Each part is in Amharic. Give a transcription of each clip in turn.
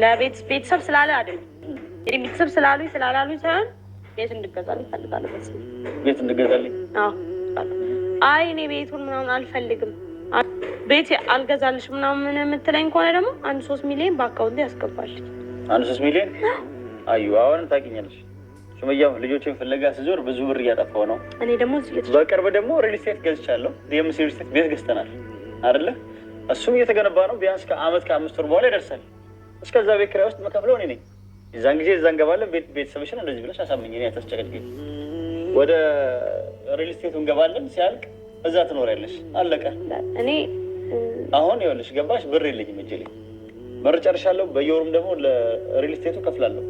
ለቤት ቤተሰብ ስላለ አይደል? ቤተሰብ ስላሉ ስላላሉ ሳይሆን ቤት እንድገዛልኝ እፈልጋለሁ። ቤት እንድገዛልኝ? አዎ። አይ እኔ ቤቱን ምናምን አልፈልግም ቤት አልገዛልሽ ምናምን የምትለኝ ከሆነ ደግሞ አንድ ሶስት ሚሊዮን በአካውንት ያስገባልኝ። አንድ ሶስት ሚሊዮን? አዩ አሁንም ታገኛለሽ። ሱመያው ልጆችን ፍለጋ ስዞር ብዙ ብር እያጠፋው ነው። እኔ ደግሞ በቅርብ ደግሞ ሪልስቴት ገዝቻለሁ። የምስ ሪልስቴት ቤት ገዝተናል አይደለ? እሱም እየተገነባ ነው። ቢያንስ ከአመት ከአምስት ወር በኋላ ይደርሳል። እስከዛ ቤት ኪራይ ውስጥ መከፍለው እኔ ነኝ። እዛን ጊዜ እዛ እንገባለን፣ ቤተሰብሽን እንደዚህ ብለሽ አሳምኝ፣ እኔ አታስጨቀጭቀኝ። ወደ ሪል ስቴቱ እንገባለን፣ ሲያልቅ እዛ ትኖሪያለሽ። አለቀ። እኔ አሁን ይኸውልሽ፣ ገባሽ፣ ብር የለኝም እጄ ላይ ብር ጨርሻለሁ። በየወሩም ደግሞ ለሪል ስቴቱ ከፍላለሁ።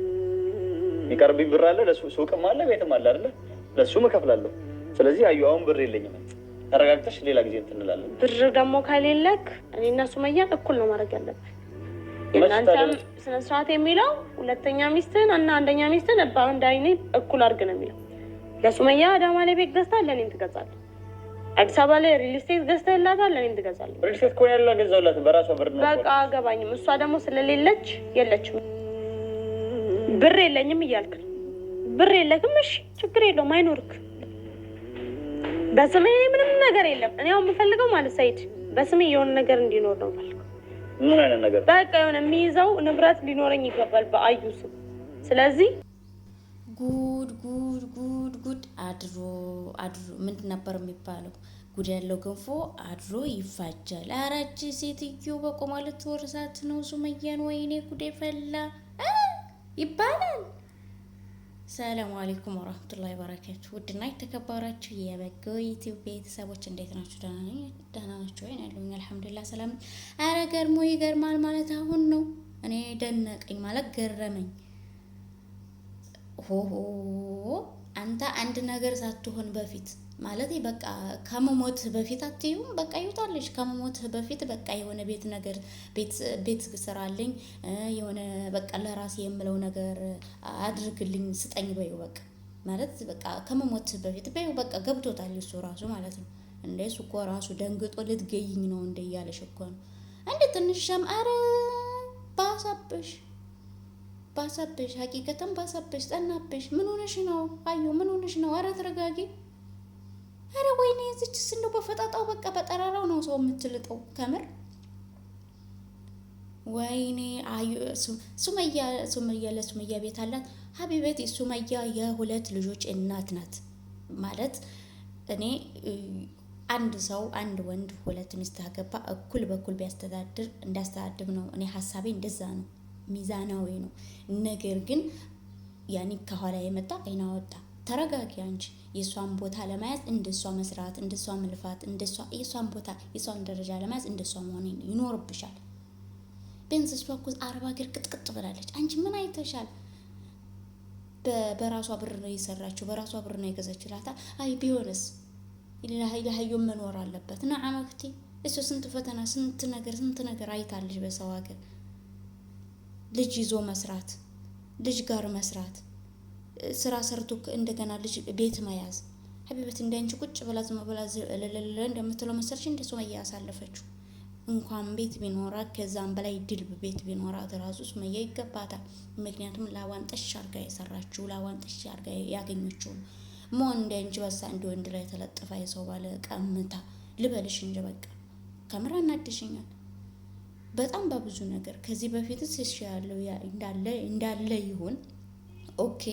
የሚቀርብኝ ብር አለ፣ ለሱቅም አለ፣ ቤትም አለ አይደለ? ለእሱም እከፍላለሁ። ስለዚህ አዩ፣ አሁን ብር የለኝም። ተረጋግተሽ ሌላ ጊዜ እንትን እንላለን። ብር ደግሞ ከሌለክ እኔና ሱመያ እኩል ነው ማድረግ ያለብን እናንተም ስነ ስርዓት የሚለው ሁለተኛ ሚስትን እና አንደኛ ሚስትን በአንድ አይኔ እኩል አድርግ ነው የሚለው። ለሱመያ አዳማ ላይ ቤት ገዝታ ለእኔም ትገዛለህ። አዲስ አበባ ላይ ሪል ስቴት ገዝተህ ላታል ለእኔም ትገዛለህ። ሪል ስቴት እኮ ያለ ገዛላት በራሷ ብር ነው። በቃ አገባኝም። እሷ ደግሞ ስለሌለች የለችም ብር የለኝም እያልክ ብር የለክም። እሺ ችግር የለውም አይኖርክ። በስሜ ምንም ነገር የለም። እኔ አሁን የምፈልገው ማለት ሳይድ በስሜ የሆነ ነገር እንዲኖር ነው የምፈልገው ምን አይነት ነገር በቃ የሆነ የሚይዘው ንብረት ሊኖረኝ ይገባል በአዩ ስም። ስለዚህ ጉድ ጉድ ጉድ ጉድ አድሮ አድሮ ምንድን ነበር የሚባለው? ጉድ ያለው ገንፎ አድሮ ይፋጃል። አራጅ ሴትዮ በቆ ማለት ነው ሱመያን። ወይኔ ጉዴ ፈላ ይባላል። ሰላሙ አሌይኩም ወራህመቱላሂ ወበረካቱ። ውድና የተከበራችሁ የበጎ ዩቲዩብ ቤተሰቦች እንዴት ናችሁ? ደህና ናችሁ ወይ? ያለሁኝ አልሐምዱሊላህ ሰላም። አረ ገርሞ ይገርማል ማለት አሁን ነው። እኔ ደነቀኝ ማለት ገረመኝ። ሆሆ አንተ አንድ ነገር ሳትሆን በፊት ማለት በቃ ከመሞት በፊት አትዩም በቃ ይውጣለች። ከመሞት በፊት በቃ የሆነ ቤት ነገር ቤት ስራልኝ፣ የሆነ በቃ ለራሴ የምለው ነገር አድርግልኝ፣ ስጠኝ በይው በቃ ማለት በቃ ከመሞት በፊት በይው በቃ ገብቶታል እሱ ራሱ ማለት ነው። እንደ እሱ እኮ ራሱ ደንግጦ ልትገይኝ ነው እንደ እያለሽ እኮ ነው። እንደ ትንሽ ሻም አረ ባሳብሽ ባሳብሽ፣ ሀቂቀተን ባሳብሽ፣ ጸናብሽ። ምን ሆነሽ ነው? አዩ ምን ሆነሽ ነው? አረ ተረጋጊ። አረ ወይኔ የዚች ስንዶ በፈጣጣው በቃ በጠራራው ነው ሰው የምትልጠው ከምር ወይኔ ሱመያ ሱመያ ለሱመያ ቤት አላት ሀቢበቴ ሱመያ የሁለት ልጆች እናት ናት ማለት እኔ አንድ ሰው አንድ ወንድ ሁለት ሚስት አገባ እኩል በኩል ቢያስተዳድር እንዳስተዳድር ነው እኔ ሀሳቤ እንደዛ ነው ሚዛናዊ ነው ነገር ግን ያኔ ከኋላ የመጣ አይና ወጣ ተረጋጊ አንቺ። የእሷን ቦታ ለመያዝ እንደሷ መስራት፣ እንደሷ መልፋት፣ እንደሷ የእሷን ቦታ የእሷን ደረጃ ለመያዝ እንደሷ መሆን ይኖርብሻል። ቢያንስ እሷ እኮ አረብ ሀገር ቅጥቅጥ ብላለች። አንቺ ምን አይተሻል? በራሷ ብር ነው የሰራችው፣ በራሷ ብር ነው የገዛችው ይላታል። አይ ቢሆንስ ለሀዮ መኖር አለበት ና አመክቲ እሱ ስንት ፈተና ስንት ነገር ስንት ነገር አይታለች። በሰው ሀገር ልጅ ይዞ መስራት፣ ልጅ ጋር መስራት ስራ ሰርቶ እንደገና ልጅ ቤት መያዝ ሀቢበት እንዳንቺ ቁጭ ብላ ዝም ብላ ለለለ እንደምትለው መሰልሽ እንደ ሱመያ ያሳለፈችው እንኳን ቤት ቢኖራት ከዛም በላይ ድልብ ቤት ቢኖራት ራሱ ሱመያ ይገባታል። ምክንያቱም ላዋን ጠሽ አርጋ የሰራችው ላዋን ጠሽ አርጋ ያገኘችው መሆን እንዳንቺ በሳ እንደ ወንድ ላይ ተለጥፋ የሰው ባለ ቀምታ ልበልሽ እንጂ በቃ ከምራ እናድሽኛል በጣም በብዙ ነገር ከዚህ በፊትስ ያለው እንዳለ ይሁን ኦኬ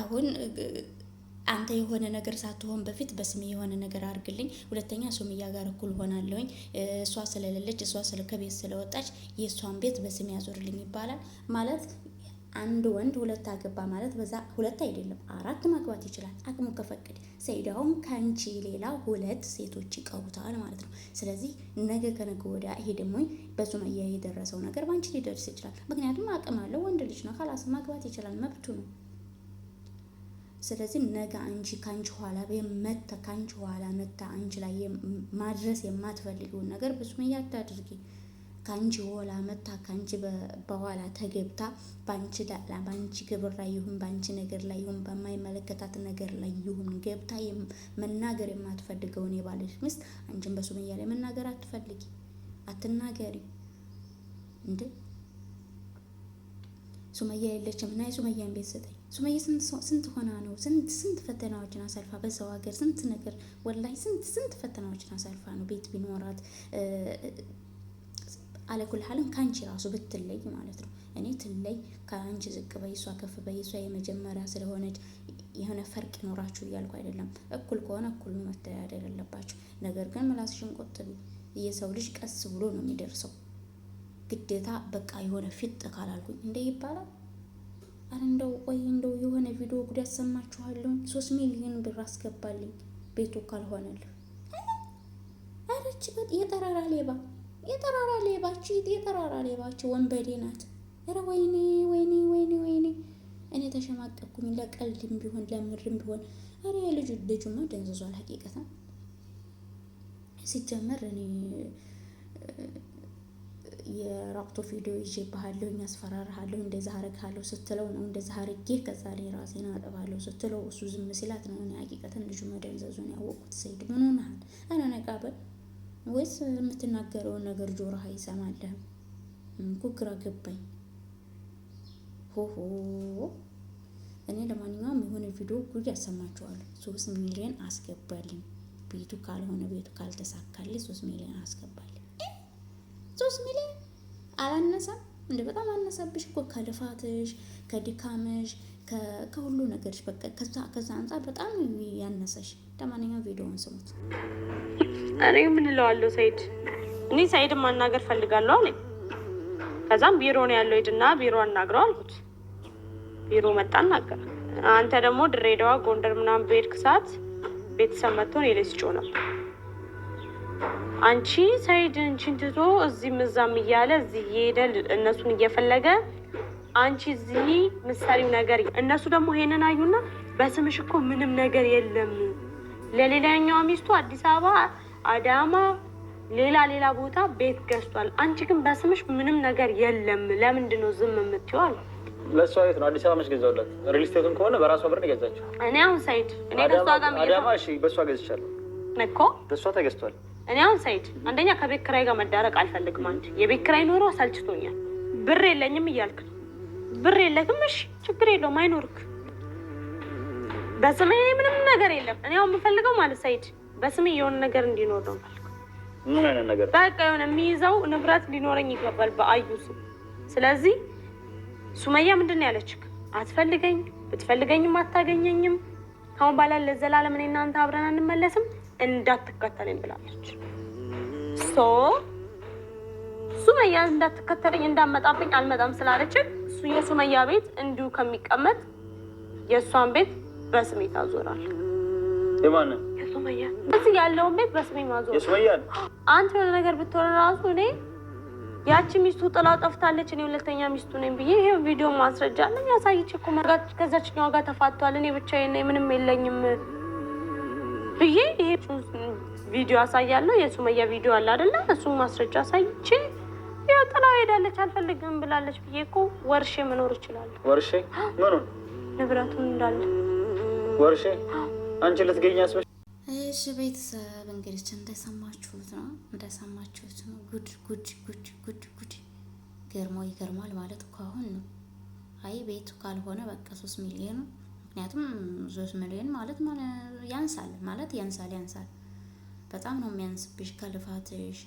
አሁን አንተ የሆነ ነገር ሳትሆን በፊት በስሜ የሆነ ነገር አድርግልኝ። ሁለተኛ ሱምያ ጋር እኩል ሆናለሁኝ። እሷ ስለሌለች እሷ ከቤት ስለወጣች የእሷን ቤት በስሜ ያዞርልኝ ይባላል ማለት አንድ ወንድ ሁለት አገባ ማለት በዛ ሁለት አይደለም አራት ማግባት ይችላል፣ አቅሙ ከፈቀደ። ሰይዳውም አሁን ከአንቺ ሌላ ሁለት ሴቶች ይቀሩታል ማለት ነው። ስለዚህ ነገ ከነገ ወዲያ ይሄ ደግሞ በሱመያ የደረሰው ነገር በአንቺ ሊደርስ ይችላል። ምክንያቱም አቅም አለው ወንድ ልጅ ነው። ካላስ ማግባት ይችላል፣ መብቱ ነው። ስለዚህ ነገ አንቺ ከአንቺ ኋላ መታ ከአንቺ ኋላ መታ አንቺ ላይ ማድረስ የማትፈልገውን ነገር ብዙም እያታድርጊ ከአንቺ ኋላ መታ ከአንቺ በኋላ ተገብታ በአንቺ ዳላ በአንቺ ግብር ላይ ይሁን በአንቺ ነገር ላይ ይሁን በማይመለከታት ነገር ላይ ይሁን ገብታ መናገር የማትፈልገውን የባልሽ ሚስት አንቺን በሱመያ ላይ መናገር አትፈልጊ፣ አትናገሪ። እንዴ ሱመያ የለችም እና የሱመያን ቤት ስጠኝ ሱመያ ስንት ሆና ነው ስንት ስንት ፈተናዎችን አሳልፋ በሰው ሀገር ስንት ነገር ወላሂ ስንት ስንት ፈተናዎችን አሳልፋ ነው ቤት ቢኖራት አለኩል ሀልም ከአንቺ ራሱ ብትለይ ማለት ነው። እኔ ትለይ ከአንቺ ዝቅ በይሷ ከፍ በይሷ የመጀመሪያ ስለሆነች የሆነ ፈርቅ ይኖራችሁ እያልኩ አይደለም። እኩል ከሆነ እኩል መተዳደር ያለባችሁ። ነገር ግን ምላስሽን ቆጥቢ። የሰው ልጅ ቀስ ብሎ ነው የሚደርሰው። ግዴታ በቃ የሆነ ፊጥ ካላልኩኝ እንደ ይባላል ኧረ እንደው ቆይ እንደው የሆነ ቪዲዮ ጉድ ያሰማችኋለሁ። ሶስት ሚሊዮን ብር አስገባልኝ ቤቱ ካልሆነልህ። ኧረ እች የጠራራ ሌባ የጠራራ ሌባች የጠራራ ሌባች ወንበዴ ናት። ኧረ ወይኔ ወይኔ ወይኔ ወይኔ እኔ ተሸማቀኩኝ። ለቀልድም ቢሆን ለምርም ቢሆን ኧረ ልጁ ልጁማ ደንዝዟል። ሀቂቀታ ሲጀመር እኔ የራቅቶ ቪዲዮ ይዤ ይዤብሃለሁኝ፣ አስፈራርሃለሁ፣ እንደዛ አረግሃለሁ ስትለው ነው እንደዛ አርጌ ከዛ ላይ ራሴን አጠባለሁ ስትለው እሱ ዝም ሲላት ነው እኔ ሀቂቀትን ልጁ መደንዘዙን ያወቁት። ሰይድ ምን ሆነሃል? አነ ነቃበል ወይስ የምትናገረውን ነገር ጆሮህ ይሰማልህ? ኩግራ ገባኝ። ሆሆ እኔ ለማንኛውም የሆነ ቪዲዮ ጉድ ያሰማችኋለሁ። ሶስት ሚሊዮን አስገባልኝ ቤቱ ካልሆነ ቤቱ ካልተሳካልኝ ሶስት ሚሊዮን አስገባልኝ ሶስት ሚሊዮን አላነሰም እንደ በጣም አነሰብሽ እኮ ከልፋትሽ፣ ከድካምሽ፣ ከሁሉ ነገርሽ በቃ ከዛ አንጻር በጣም ያነሰሽ። ለማንኛውም ቪዲዮውን ስሙት። እኔ ምን እለዋለሁ ሰይድ፣ እኔ ሰይድን ማናገር ፈልጋለሁ አለኝ። ከዛም ቢሮ ነው ያለው፣ ሂድና ቢሮ አናግረው አልኩት። ቢሮ መጣ አናገረ። አንተ ደግሞ ድሬዳዋ፣ ጎንደር ምናምን በሄድክ ሰዓት ቤተሰብ መጥቶ እኔ ላይ ስጮህ ነበር አንቺ ሰይድ እንቺን ትቶ እዚህ ምዛም እያለ እዚህ እየሄደ እነሱን እየፈለገ አንቺ እዚህ ምሳሌው ነገር እነሱ ደግሞ ይሄንን አዩና በስምሽ እኮ ምንም ነገር የለም ለሌላኛው ሚስቱ አዲስ አበባ፣ አዳማ፣ ሌላ ሌላ ቦታ ቤት ገዝቷል። አንቺ ግን በስምሽ ምንም ነገር የለም ለምንድን ነው ዝም የምትይዋል? ለእሷ ቤት ነው። አዲስ አበባ መች ገዛውላት? ሪል ስቴቱን ከሆነ በራሷ ብር ነው የገዛችው። እኔ አሁን ሳይድ እኔ ከሷ ጋር አዳማ፣ እሺ በእሷ ገዝቻለሁ እኮ በእሷ ተገዝቷል። እኔ አሁን ሳይድ አንደኛ ከቤት ኪራይ ጋር መዳረቅ አልፈልግም። አንድ የቤት ኖሮ አሰልችቶኛል። ብር የለኝም እያልክ ነው። ብር የለህም፣ እሺ ችግር የለውም አይኖርክ። በስሜ ምንም ነገር የለም። እኔ አሁን የምፈልገው ማለት ሳይድ በስሜ የሆነ ነገር እንዲኖር ነው የምፈልገው። በቃ የሆነ የሚይዘው ንብረት ሊኖረኝ ይገባል በአዩ ስም። ስለዚህ ሱመያ ምንድን ነው ያለችክ? አትፈልገኝ፣ ብትፈልገኝም አታገኘኝም። ካሁን ባላለ ለዘላለም እኔ እናንተ አብረን አንመለስም እንዳትከተለኝ ብላለች። ሶ ሱመያ እንዳትከተለኝ እንዳመጣብኝ አልመጣም ስላለች እሱ የሱመያ ቤት እንዲሁ ከሚቀመጥ የእሷን ቤት በስሜ ታዞራል። የማንን የሱመያ እዚህ ያለውን ቤት በስሜ ማዞር የሱመያ አንተ የሆነ ነገር ብትሆን ራሱ እኔ ያቺ ሚስቱ ጥላው ጠፍታለች፣ እኔ ሁለተኛ ሚስቱ ነኝ ብዬ ይሄ ቪዲዮ ማስረጃ አለኝ ያሳይች እኮ ከዛችኛዋ ጋር ተፋቷል፣ እኔ ብቻዬን ነኝ፣ ምንም የለኝም ብዬ ይሄ ቪዲዮ አሳያለሁ። የሱመያ ቪዲዮ አለ አደለ? እሱም ማስረጃ አሳይቼ ያው ጥላው ሄዳለች አልፈልግም ብላለች ብዬ እኮ ወርሼ መኖር ይችላል። ወርሼ ምኑን ንብረቱን እንዳለ ወርሼ አንቺ ልትገኝ ያስበሽ። እሺ ቤተሰብ እንግዲህ እንደሰማችሁት ነው እንደሰማችሁት ነው። ጉድ ጉድ ጉድ ጉድ ጉድ ገርሞ ይገርማል ማለት እኮ አሁን ነው። አይ ቤቱ ካልሆነ በቃ ሶስት ሚሊዮን ነው። ምክንያቱም ሶስት ሚሊዮን ማለት ያንሳል ማለት ያንሳል ያንሳል በጣም ነው የሚያንስብሽ ከልፋትሽ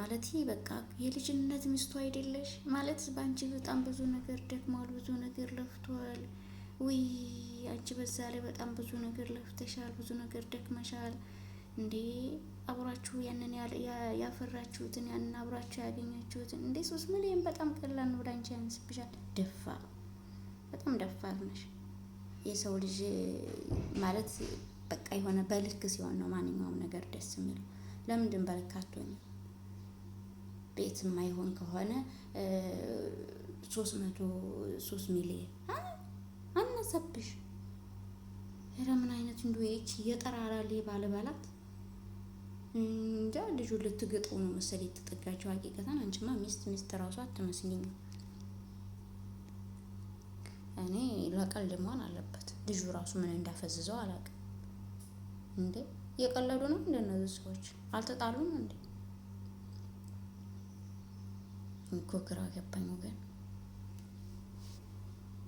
ማለት በቃ የልጅነት ሚስቱ አይደለሽ ማለት በአንቺ በጣም ብዙ ነገር ደክሟል፣ ብዙ ነገር ለፍቷል። ውይ አንቺ በዛ ላይ በጣም ብዙ ነገር ለፍተሻል፣ ብዙ ነገር ደክመሻል። እንዴ አብራችሁ ያንን ያፈራችሁትን ያንን አብራችሁ ያገኛችሁትን እንዴ ሶስት ሚሊዮን በጣም ቀላል ነው፣ ለአንቺ ያንስብሻል። ደፋር፣ በጣም ደፋር ነሽ። የሰው ልጅ ማለት በቃ የሆነ በልክ ሲሆን ነው ማንኛውም ነገር ደስ የሚለው። ለምንድን በልክ አትሆኝም? ቤት የማይሆን ከሆነ ሶስት መቶ ሶስት ሚሊየን አነሰብሽ። ኧረ ምን አይነት እንደው ች እየጠራራ ሌባ ልበላት እንጃ። ልጁ ልትግጠው ነው መሰለኝ የተጠጋቸው። ሀቂቀታን አንቺማ ሚስት ሚስት ራሱ አትመስልኝም። እኔ ለቀልድ መሆን አለበት። ልጁ ራሱ ምን እንዳፈዝዘው አላውቅም። እንዴ የቀለዱ ነው እንደ እነዚህ ሰዎች አልተጣሉም እንዴ? እኮ ግራ ገባኝ ወገን።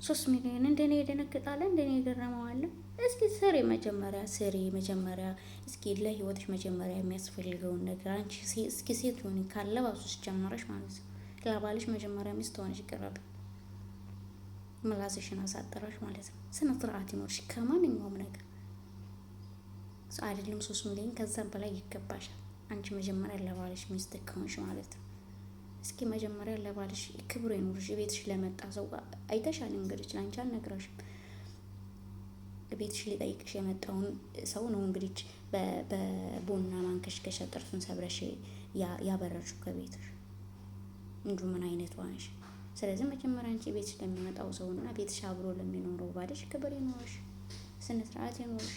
ሶስት ሚሊዮን እንደኔ የደነግጣለ እንደኔ የገረመዋለ። እስኪ ስሪ መጀመሪያ ስሪ መጀመሪያ እስኪ ለህይወትሽ መጀመሪያ የሚያስፈልገውን ነገር አንቺ እስኪ ሴት ሆኒ ካለባብሶች ጀመረሽ ማለት ነው። ለባልሽ መጀመሪያ ሚስት ሆነሽ ቅረብ ምላስሽን አሳጠረሽ ማለት ነው። ስነ ስርዓት ይኖርሽ ከማንኛውም ነገር አይደለም። ሶስት ሚሊዮን ከዛም በላይ ይገባሻል። አንቺ መጀመሪያ ለባልሽ ሚስት ከሆንሽ ማለት ነው። እስኪ መጀመሪያ ለባልሽ ክብሩ ይኖርሽ። ቤትሽ ለመጣ ሰው አይተሻል። እንግዲህ አንቺ አልነግረሽም። ቤትሽ ሊጠይቅሽ የመጣውን ሰው ነው እንግዲህ በቦና ማንከሽከሻ ጥርሱን ሰብረሽ ያበረሹ ከቤትሽ እንዱ ምን አይነት ዋንሽ ስለዚህ መጀመሪያ አንቺ ቤትሽ ለሚመጣው እና ቤትሽ አብሮ ለሚኖረው ባልሽ ክብር ይኖርሽ፣ ስነ ስርዓት ይኖርሽ።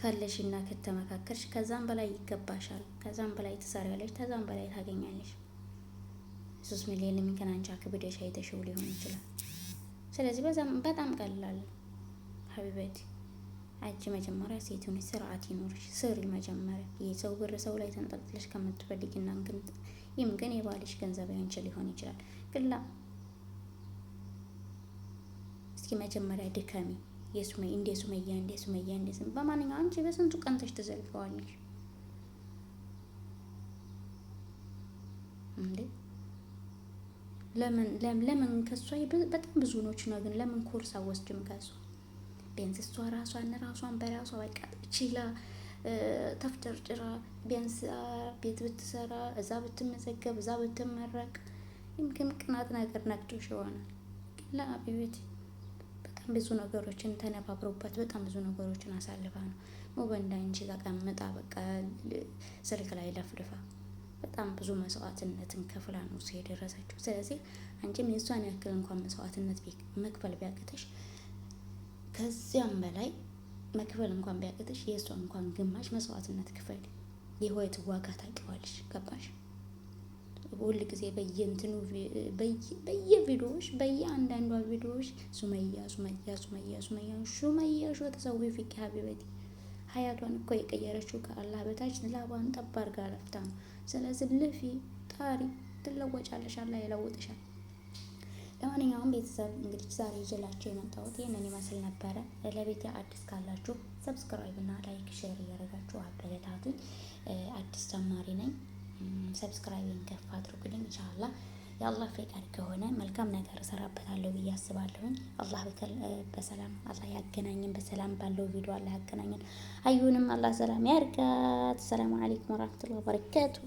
ካለሽና ከተመካከርሽ ከዛም በላይ ይገባሻል። ከዛም በላይ ትሰሪያለሽ፣ ከዛም በላይ ታገኛለሽ። ሶስት ሚሊዮን የሚከን አንቺ አክብደሽ አይተሽው ሊሆን ይችላል። ስለዚህ በዛም በጣም ቀላል ሀቢበቴ አጅ መጀመሪያ ሴቱን ስርዓት ይኖርሽ ስሪ። መጀመሪያ የሰው ብር ሰው ላይ ተንጠልጥለሽ ከምትፈልጊና ይህም ግን የባልሽ ገንዘብ ያንቺ ሊሆን ይችላል። ግላ እስኪ መጀመሪያ ድከሚ። የሱመያ እንደ ሱመያ እንደ ሱመያ እንደ ስም በማንኛው አንቺ በስንቱ ቀንተሽ ትዘልፈዋለሽ እንዴ? ለምን ለምን ከሷ በጣም ብዙ ኖች ነው። ግን ለምን ኮርስ አወስድም ከሷ ቢያንስ እሷ ራሷን ራሷን በራሷ በቃ ችላ ተፍጨርጭራ ቢያንስ ቤት ብትሰራ እዛ ብትመዘገብ እዛ ብትመረቅ ይምክም ቅናት ነገር ናቅቶሽ ይሆናል። ለአቢቤት በጣም ብዙ ነገሮችን ተነባብሮበት በጣም ብዙ ነገሮችን አሳልፋ ነው ሞበንዳ እንዳንቺ ተቀምጣ በቃ ስልክ ላይ ለፍልፋ በጣም ብዙ መስዋዕትነትን ከፍላ ነው እሱ የደረሰችው። ስለዚህ አንቺም የእሷን ያክል እንኳን መስዋዕትነት መክፈል ቢያቅተሽ ከዚያም በላይ መክፈል እንኳን ቢያቅትሽ የእሷ እንኳን ግማሽ መስዋዕትነት ክፈል። የህይወት ዋጋ ታውቂዋለሽ። ገባሽ? ሁል ጊዜ በየንትኑ በየቪዲዮዎች በየአንዳንዷ ቪዲዮዎች ሱመያ ሱመያ ሱመያ ሱመያ ሹመያ ሾ ተሰዊ ፊቅ ሀቢበቲ ሀያቷን እኮ የቀየረችው ከአላህ በታች ላቧን ጠብ አድርጋ ለፍታ ነው። ስለዚህ ልፊ ጣሪ ትለወጫለሽ፣ አላህ ይለውጥሻል። ለማንኛውም ቤተሰብ እንግዲህ ዛሬ ይዤላችሁ የመጣሁት ይህንን ይመስል ነበረ። ለቤት አዲስ ካላችሁ ሰብስክራይብ እና ላይክ፣ ሼር እያደረጋችሁ አበረታቱኝ። አዲስ ጀማሪ ነኝ። ሰብስክራይብን ከፍ አድርጉልኝ። እንሻላ የአላህ ፈቃድ ከሆነ መልካም ነገር እሰራበታለሁ ብዬ አስባለሁኝ። አላህ በሰላም አላህ ያገናኝን፣ በሰላም ባለው ቪዲዮ አላህ ያገናኝን። አዩንም አላህ ሰላም ያርጋት። ሰላም አለይኩም ወራህመቱላሂ ወበረካቱ